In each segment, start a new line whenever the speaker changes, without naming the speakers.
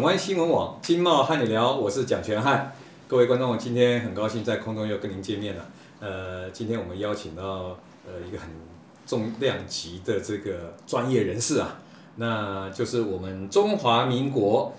台灣新聞網經貿瀚你聊，我是蔣權瀚。各位觀眾，今天很高興在空中又跟您見面了。呃，今天我們邀請到呃一個很重量級的這個專業人士啊，那就是我們中華民國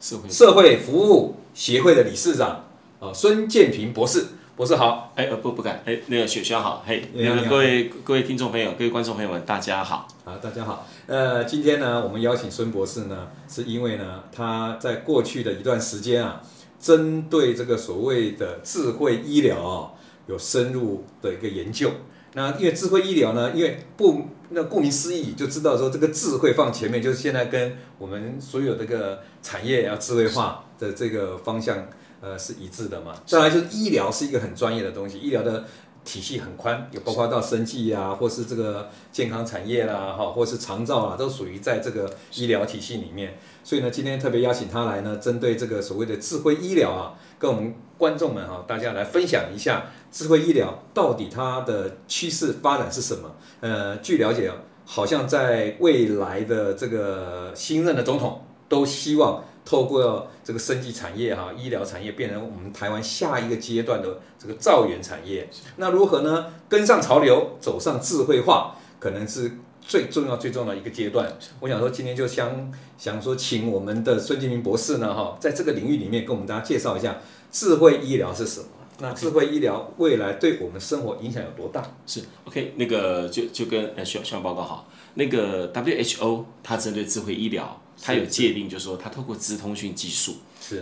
社會社會服務協會的理事長啊，孫健萍博士。
博士好，哎、欸、呃不不敢，哎、欸、那個雪雪好、欸，嘿，那個、各位各位聽眾朋友，各位觀眾朋友們，大家好，
啊大家好，呃今天呢我們邀請孫博士呢，是因為呢他在過去的一段時間啊，針對這個所謂的智慧醫療啊、哦、有深入的一個研究，那因為智慧醫療呢，因為不那顧名思義就知道說這個智慧放前面，就是現在跟我們所有這個產業要、啊、智慧化的這個方向。呃，是一致的嘛，再來就是醫療是一個很專業的東西，醫療的體系很寬，有包括到生技啊，或是這個健康產業啦、啊，哈，或是長照啊，都屬於在這個醫療體系裡面。所以呢，今天特別邀請他來呢，針對這個所謂的智慧醫療啊，跟我們觀眾們哈、啊，大家來分享一下智慧醫療到底它的趨勢發展是什麼？呃，據了解，好像在未來的這個新任的總統都希望。透過這個生技產業哈，醫療產業變成我們台灣下一個階段的這個兆元產業，那如何呢？跟上潮流，走上智慧化，可能是最重要最重要的一個階段。我想說，今天就想想說，請我們的孫健萍博士呢哈，在這個領域裡面跟我們大家介紹一下智慧醫療是什麼？那智慧醫療未來對我們生活影響有多大？
是 OK，那個就就跟呃宣宣報報告好，那個 WHO 它針對智慧醫療。它有界定，就是說它透過資通訊技術，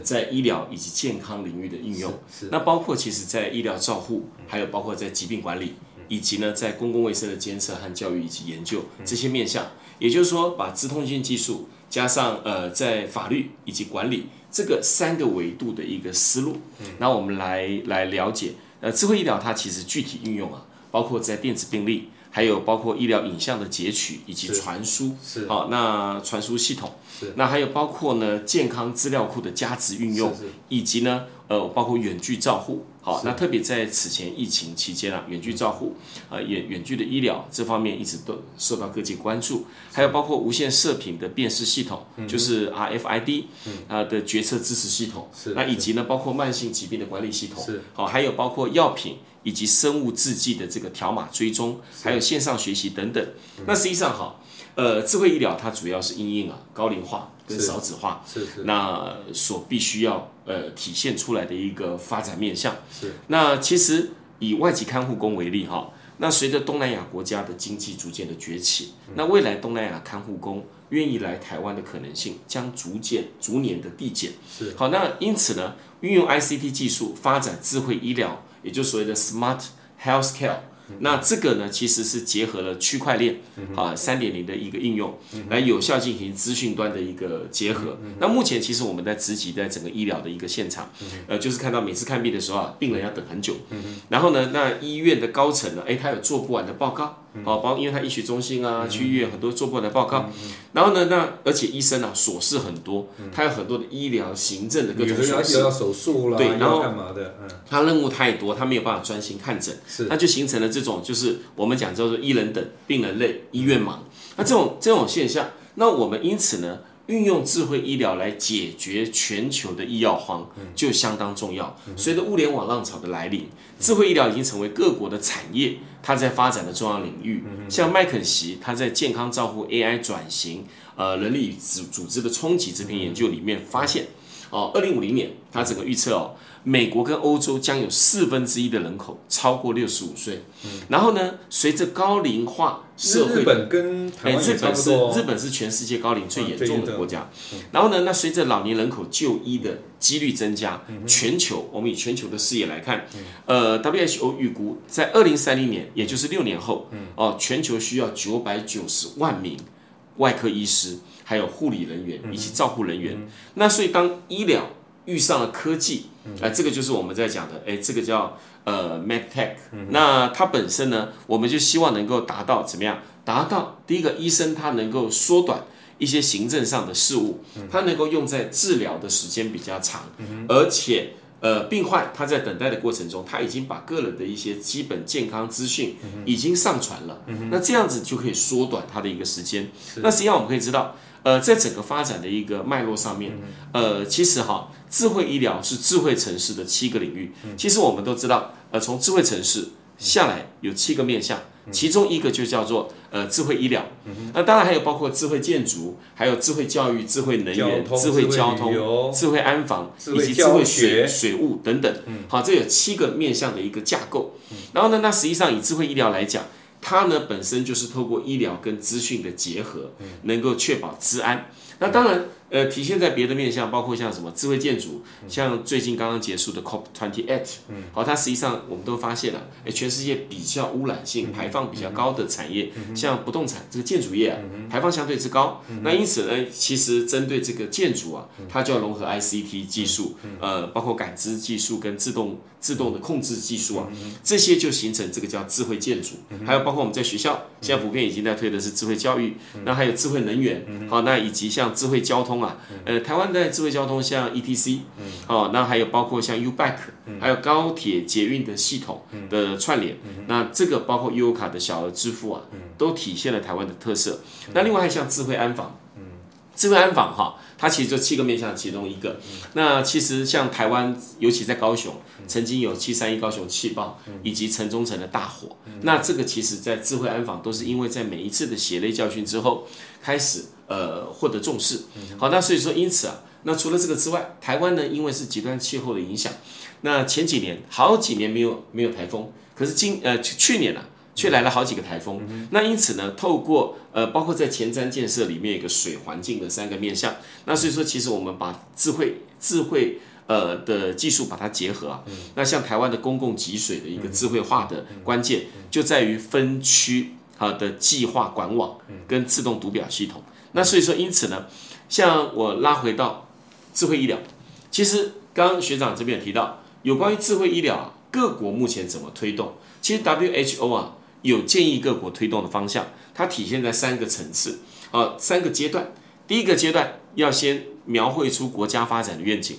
在醫療以及健康領域的應用，那包括其實在醫療照護、嗯，還有包括在疾病管理，嗯、以及呢在公共衛生的監測和教育以及研究這些面向。嗯、也就是說，把資通訊技術加上呃在法律以及管理這個三個維度的一個思路，嗯、那我們來來了解呃智慧醫療它其實具體應用啊，包括在電子病歷。還有包括醫療影像的截取以及傳輸，好、哦，那傳輸系統，那還有包括呢健康資料庫的加值運用，以及呢呃包括遠距照護，好、哦，那特別在此前疫情期間啊，遠距照護、嗯，呃遠遠距的醫療這方面一直都受到各界關注，還有包括無線射頻的辨識系統，嗯、就是 RFID 啊、嗯呃、的決策支持系統，是，那以及呢包括慢性疾病的管理系統，好、哦，還有包括藥品。以及生物製劑的這個條碼追蹤，還有線上學習等等。嗯、那實際上，哈，呃，智慧醫療它主要是因應啊，高齡化跟少子化，是是，是。那所必須要呃體現出來的一個發展面向是。那其實以外籍看護工為例，哈，那隨着東南亞國家的經濟逐漸的崛起、嗯，那未來東南亞看護工願意來台灣的可能性將逐漸逐年的遞減。是好，那因此呢，運用 ICT 技術發展智慧醫療。也就所謂的 smart healthcare，那這個呢，其實是結合了區塊鏈啊，三點零的一個應用，來有效進行資訊端的一個結合。那目前其實我們在直擊，在整個醫療的一個現場，呃，就是看到每次看病的時候啊，病人要等很久，然後呢，那醫院的高層呢，哎、欸，他有做不完的報告。哦，包括因為他醫學中心啊，嗯、去醫院很多做過的報告，嗯嗯、然後呢，那而且醫生呢、啊，瑣事很多、嗯，他有很多的醫療行政的各種需要手術啦，對，然後幹嘛的？嗯、他任務太多，他沒有辦法專心看診，是，那就形成了這種，就是我們講叫做“醫人等病人累，醫院忙”，嗯、那這種這種現象，那我們因此呢。運用智慧醫療來解決全球的醫藥荒，就相當重要。隨着物聯網浪潮的來臨，智慧醫療已經成為各國的產業，它在發展的重要領域。像麥肯錫，它在健康照護 AI 轉型，呃，人力組組織的衝擊這篇研究裡面發現。哦，二零五零年，他整個預測哦，美國跟歐洲將有四分之一的人口超過六十五歲、嗯。然後呢，隨着高齡化社會，日本
跟日、哦哎、本是日
本是全世界高齡最嚴重的國家、嗯嗯。然後呢，那隨着老年人口就醫的幾率增加，嗯、全球我們以全球的視野來看，嗯、呃，WHO 預估在二零三零年，也就是六年後、嗯，哦，全球需要九百九十萬名外科醫師。還有護理人員以及照護人員、嗯，那所以當醫療遇上了科技，哎、嗯呃，這個就是我們在講的，哎、欸，這個叫呃 MedTech、嗯。那它本身呢，我們就希望能夠達到怎麼樣？達到第一個，醫生他能夠縮短一些行政上的事務、嗯，他能夠用在治療的時間比較長，嗯、而且。呃，病患他在等待的過程中，他已經把個人的一些基本健康資訊已經上傳了、嗯，那這樣子就可以縮短他的一個時間。那實際上我們可以知道，呃，在整個發展的一個脈絡上面、嗯，呃，其實哈，智慧醫療是智慧城市的七個領域。嗯、其實我們都知道，呃，從智慧城市。下來有七個面向，其中一個就叫做呃智慧醫療、嗯，那當然還有包括智慧建築、還有智慧教育、智慧能源、智慧交通、智慧安防以及智慧水水務等等、嗯。好，這有七個面向的一個架構、嗯。然後呢，那實際上以智慧醫療來講，它呢本身就是透過醫療跟資訊的結合，能夠確保資安、嗯。那當然。呃，體現在別的面向，包括像什麼智慧建築，像最近剛剛結束的 COP28，好，它實際上我們都發現了，哎，全世界比較污染性排放比較高的產業，像不動產這個建築業啊，排放相對之高。那因此呢，其實針對這個建築啊，它就要融合 ICT 技術，呃，包括感知技術跟自動自動的控制技術啊，這些就形成這個叫智慧建築。還有包括我們在學校現在普遍已經在推的是智慧教育，那還有智慧能源，好，那以及像智慧交通。啊、呃，台灣的智慧交通，像 ETC、嗯、哦，那還有包括像 U-bike、嗯、還有高鐵、捷運的系統的串聯、嗯嗯，那這個包括 U 卡的小額支付啊、嗯，都體現了台灣的特色、嗯。那另外還像智慧安防，嗯、智慧安防哈、哦，它其實就七個面向其中一個。嗯、那其實像台灣，尤其在高雄，曾經有七三一高雄氣爆，以及城中城的大火，嗯、那這個其實，在智慧安防都是因為在每一次的血淚教訓之後開始。呃，獲得重視。好，那所以說，因此啊，那除了這個之外，台灣呢，因為是極端氣候的影響，那前幾年好幾年沒有沒有颱風，可是今呃去年呢、啊，卻來了好幾個颱風、嗯。那因此呢，透過呃包括在前瞻建設裡面一個水環境的三個面向，那所以說，其實我們把智慧智慧呃的技術把它結合啊，嗯、那像台灣的公共給水的一個智慧化的關鍵，就在於分區好、呃、的計劃管網跟自動讀表系統。那所以說，因此呢，像我拉回到智慧醫療，其實剛剛學長這邊也提到，有關於智慧醫療，各國目前怎麼推動？其實 WHO 啊有建議各國推動的方向，它體現在三個層次，呃，三個階段。第一個階段要先描繪出國家發展的願景。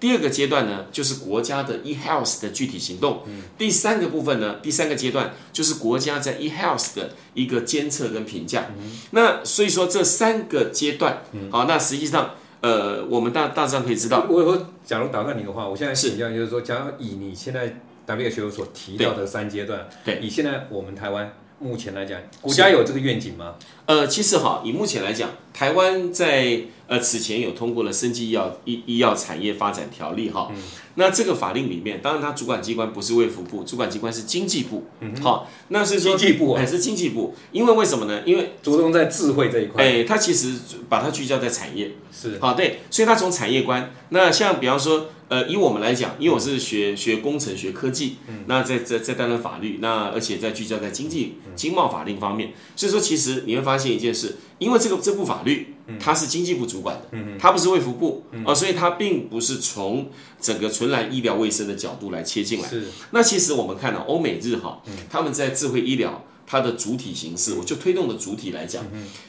第二個階段呢，就是國家的 eHealth 的具體行動、嗯。第三個部分呢，第三個階段就是國家在 eHealth 的一個監測跟評價、嗯。那所以說這三個階段、嗯，好，那實際上，呃，我們大大致上可以知道，我如果假如打斷你的話，我現在是想就是說是，假如以你現在 WHO 所提到的三階段，對，對，以現在我們台灣。目前來講，國家有這個願景嗎？呃，其實哈，以目前來講，台灣在呃此前有通過了《生技醫藥醫醫藥產業發展條例》好哈、嗯。那這個法令裡面，當然它主管機關不是衛福部，主管機關是經濟部。嗯、好，那是說經濟部、哦，哎，是經濟部。因為為什麼呢？因為着重在智慧這一塊。哎，它其實把它聚焦在產業。是。好，對，所以它從產業觀，那像比方說。呃，以我們來講，因為我是學學工程、學科技，嗯、那在在在擔任法律，那而且在聚焦在經濟、嗯嗯、經貿、法令方面，所以說其實你會發現一件事，因為這個這部法律，它是經濟部主管的，它不是衛福部啊、呃，所以它並不是從整個純然醫療衛生的角度來切進來。是，那其實我們看到歐美日哈，他們在智慧醫療。它的主體形式，我就推動的主體來講，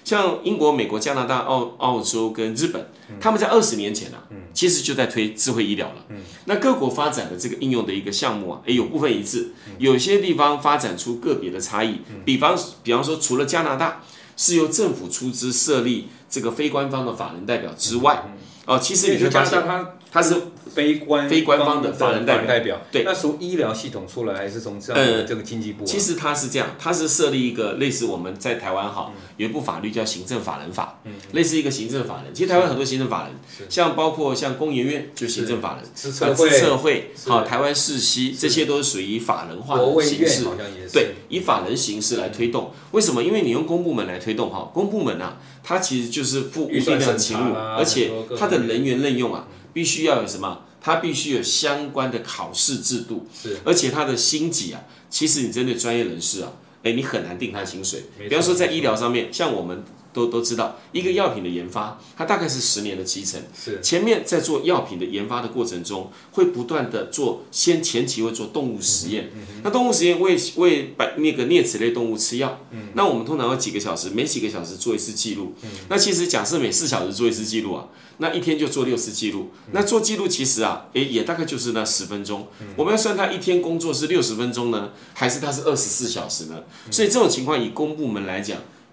像英國、美國、加拿大、澳、澳洲跟日本，他們在二十年前啊，其實就在推智慧醫療了。那各國發展的這個應用的一個項目啊，也有部分一致，有些地方發展出個別的差異。比方比方說，除了加拿大是由政府出資設立這個非官方的法人代表之外，哦、啊，其實你會發現。他是非官非官方的法人代表，對。那從醫療系統出來還是從這樣的這個經濟部、啊呃？其實他是這樣，他是設立一個類似我們在台灣哈、嗯、有一部法律叫行政法人法，嗯、類似一個行政法人。其實台灣很多行政法人，是是像包括像工研院就行政法人，社、啊、會社、啊、會好、啊、台灣世曦，這些都是屬於法人化的形式，對，以法人形式來推動。嗯、為什麼？因為你用公部門來推動哈，公、嗯、部門啊，它其實就是付一定的起舞，而且它的人員任用啊。必須要有什麼？它必須有相關的考試制度，是，而且它的薪級啊，其實你針對專業人士啊，哎、欸，你很難定它的薪水。比方說在醫療上面、嗯，像我們。都都知道，一個藥品的研發，它大概是十年的期程。前面在做藥品的研發的過程中，會不斷地做，先前期會做動物實驗。嗯嗯、那動物實驗為為把那個齧齒類動物吃藥，嗯、那我們通常要幾個小時，每幾個小時做一次記錄、嗯。那其實假設每四小時做一次記錄啊，那一天就做六次記錄、嗯。那做記錄其實啊，哎，也大概就是那十分鐘。嗯、我們要算它一天工作是六十分鐘呢，還是它是二十四小時呢、嗯？所以這種情況，以公部門來講。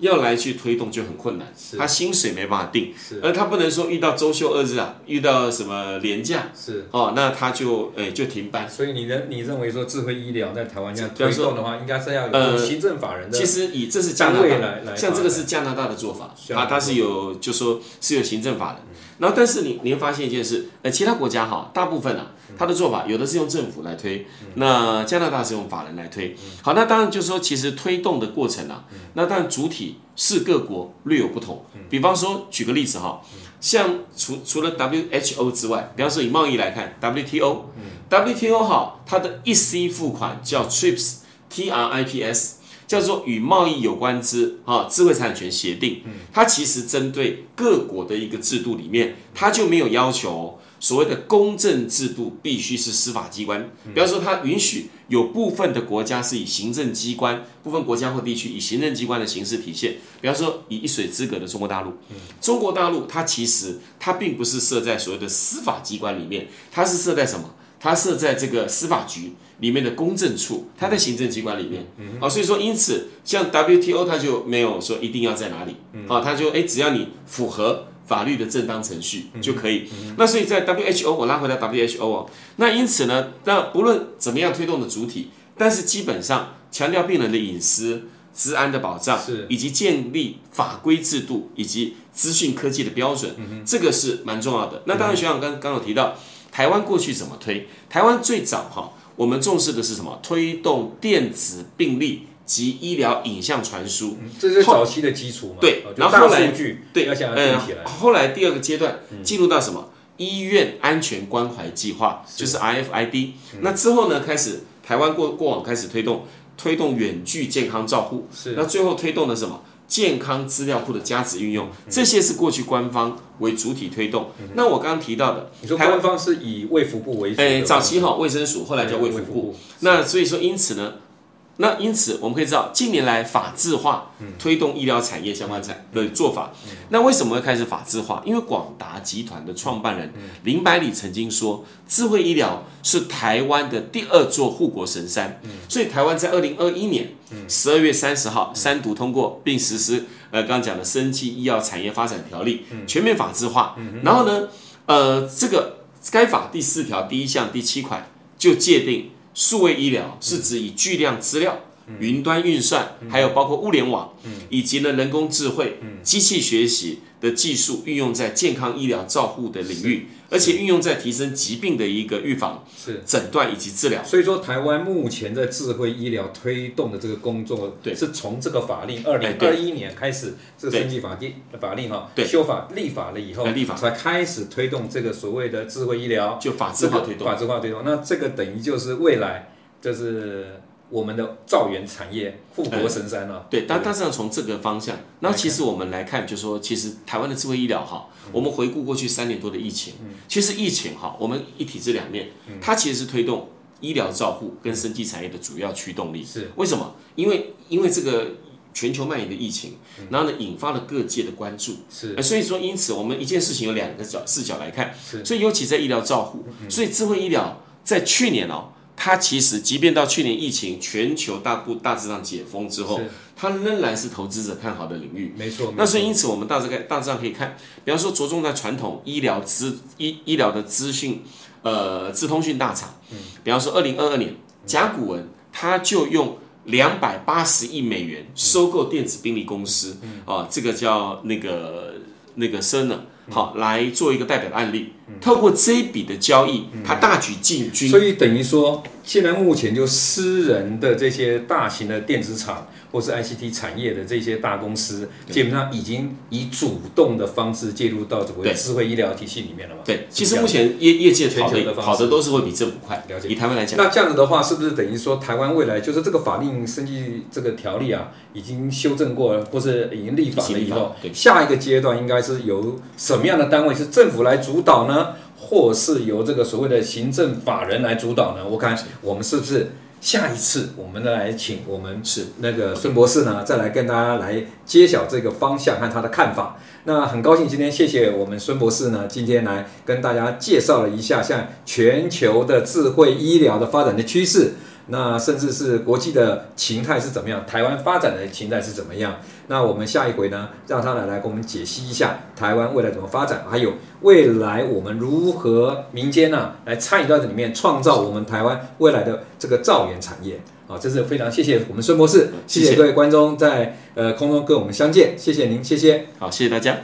要來去推動就很困難，是，他薪水沒辦法定，是，而他不能說遇到周休二日啊，遇到什麼年假是哦，那他就哎、欸，就停班。所
以你認你認為說智慧
醫療在台灣這樣推動的話，應該是要有行政法人的、呃。其實以這是加拿大來來，像這個是加拿大的做法，他、啊、他是有就說是有行政法人。然後但是你你會發現一件事，呃，其他國家哈，大部分啊，它的做法有的是用政府來推，那加拿大是用法人來推。好，那當然就是說，其實推動的過程啊，那但主體是各國略有不同。比方說，舉個例子哈，像除除了 WHO 之外，比方說以貿易來看，WTO，WTO、嗯、WTO 好，它的 E C 付款叫 TRIPS，T R I P S。叫做與貿易有關之啊，智慧財產權協定，它其實針對各國的一個制度裡面，它就沒有要求所謂的公正制度必須是司法機關。比方說，它允許有部分的國家是以行政機關，部分國家或地區以行政機關的形式體現。比方說，以一水之隔的中國大陸，中國大陸它其實它並不是設在所謂的司法機關裡面，它是設在什麼？它設在這個司法局裡面的公證處，它在行政機關裡面，啊、嗯、所以說因此像 WTO 它就沒有說一定要在哪裡，好、嗯，它就哎、欸、只要你符合法律的正當程序就可以、嗯。那所以在 WHO 我拉回到 WHO 哦，那因此呢，那不論怎麼樣推動的主體，但是基本上強調病人的隱私、資安的保障，是以及建立法規制度以及資訊科技的標準，嗯、這個是蠻重要的。那當然，學長剛剛有提到。嗯臺灣過去怎麼推？臺灣最早哈，我們重視的是什麼？推動電子病歷及醫療影像傳輸、嗯，這是早
期的基礎嘛？對，然後後來，數據對，要想要變起來、呃。
後來第二個階段進入到什麼？醫院安全關懷計劃，就是 RFID，那之後呢？開始臺灣過過往開始推動推動遠距健康照護，是那最後推動的什麼？健康資料庫的加值運用，這些是過去官方為主體推動。嗯，那我剛剛提到的，你說官方台灣
方是以衛福部為主，欸，
早期好衛生署，後來叫衛福部，欸衛福部。那所以說，因此呢。那因此，我們可以知道，近年來法制化推動醫療產業相關產的做法、嗯嗯嗯。那為什麼會開始法制化？因為廣達集團的創辦人林百里曾經說，智慧醫療是台灣的第二座護國神山、嗯。所以，台灣在二零二一年十二月三十號三讀通過並實施，呃，剛講的《生技醫藥產業發展條例》，全面法制化。然後呢，呃，這個該法第四條第一項第七款就界定。數位醫療是指以巨量資料、雲端運算、嗯、嗯，還有包括物聯網、嗯，以及呢人工智慧、機器學習、嗯、的技術運用在健康醫療照護的領域。而且運用在提升疾病的一個預防、是診斷以及治療。所以說，台灣目
前的智慧醫療推動的這個工作，對，是從這個法令二零二一年開始、哎、這個生技法令，法令哈修法立法了以後，立法才開始推動這個所謂的智慧醫療，就法制化推動，這個、法制化推動。那這個等於就是未來，就是。我們的造園產業、護國神山呢、啊
呃？對，但但是呢，從這個方向對對，那其實我們來看，就是說其實台灣的智慧醫療哈、嗯，我們回顧過去三年多的疫情、嗯，其實疫情哈，我們一體這兩面，嗯、它其實是推動醫療照護跟生技產業的主要驅動力。是為什麼？因為因為這個全球蔓延的疫情、嗯，然後呢，引發了各界的關注。是，呃、所以說，因此我們一件事情有兩個角視角來看。是，所以尤其在醫療照護，所以智慧醫療在去年哦。它其實，即便到去年疫情全球大部大致上解封之後，它仍然是投資者看好的領域。沒錯。沒錯，那所以因此，我們大致概大致上可以看，比方說着重在傳統醫療資醫醫療的資訊，呃，資通訊大廠。嗯、比方說2022，二零二二年，甲骨文它就用兩百八十億美元收購電子病例公司，啊、嗯呃，這個叫那個那個 Cerner、嗯，好來做一個代表的案例。透過這一筆的交易，他大舉進軍、嗯，所以等於說，現在目前就
私人的這些大型的電子廠，或是 ICT 產業的這些大公司，基本上已經以主動的方式介入到這個智慧醫療體系裡面了嘛？對，是是對，其實目前業業界全球的方好的，的都是
會比政府快。嗯、了解。以台灣來講，那
這樣子的話，是不是等於說台灣未來就是這個法令生技這個條例啊，已經修正過了，或是已經立法了以後，對，下一個階段應該是由什麼樣的單位是政府來主導呢？或是由這個所謂的行政法人來主導呢？我看我們是不是下一次我們來請我們是那個孫博士呢，再來跟大家來揭曉這個方向和他的看法。那很高興今天謝謝我們孫博士呢，今天來跟大家介紹了一下像全球的智慧醫療的發展的趨勢。那甚至是國際的形態是怎麼樣，台灣發展的形態是怎麼樣？那我們下一回呢，讓他來來給我們解析一下台灣未來怎麼發展，還有未來我們如何民間呢、啊、來參與到這裡面，創造我們台灣未來的這個造園產業啊，真是非常謝謝我們孫博士謝謝，謝謝各位觀眾在呃空中跟我們相見，謝謝您，謝謝，
好，謝謝大家。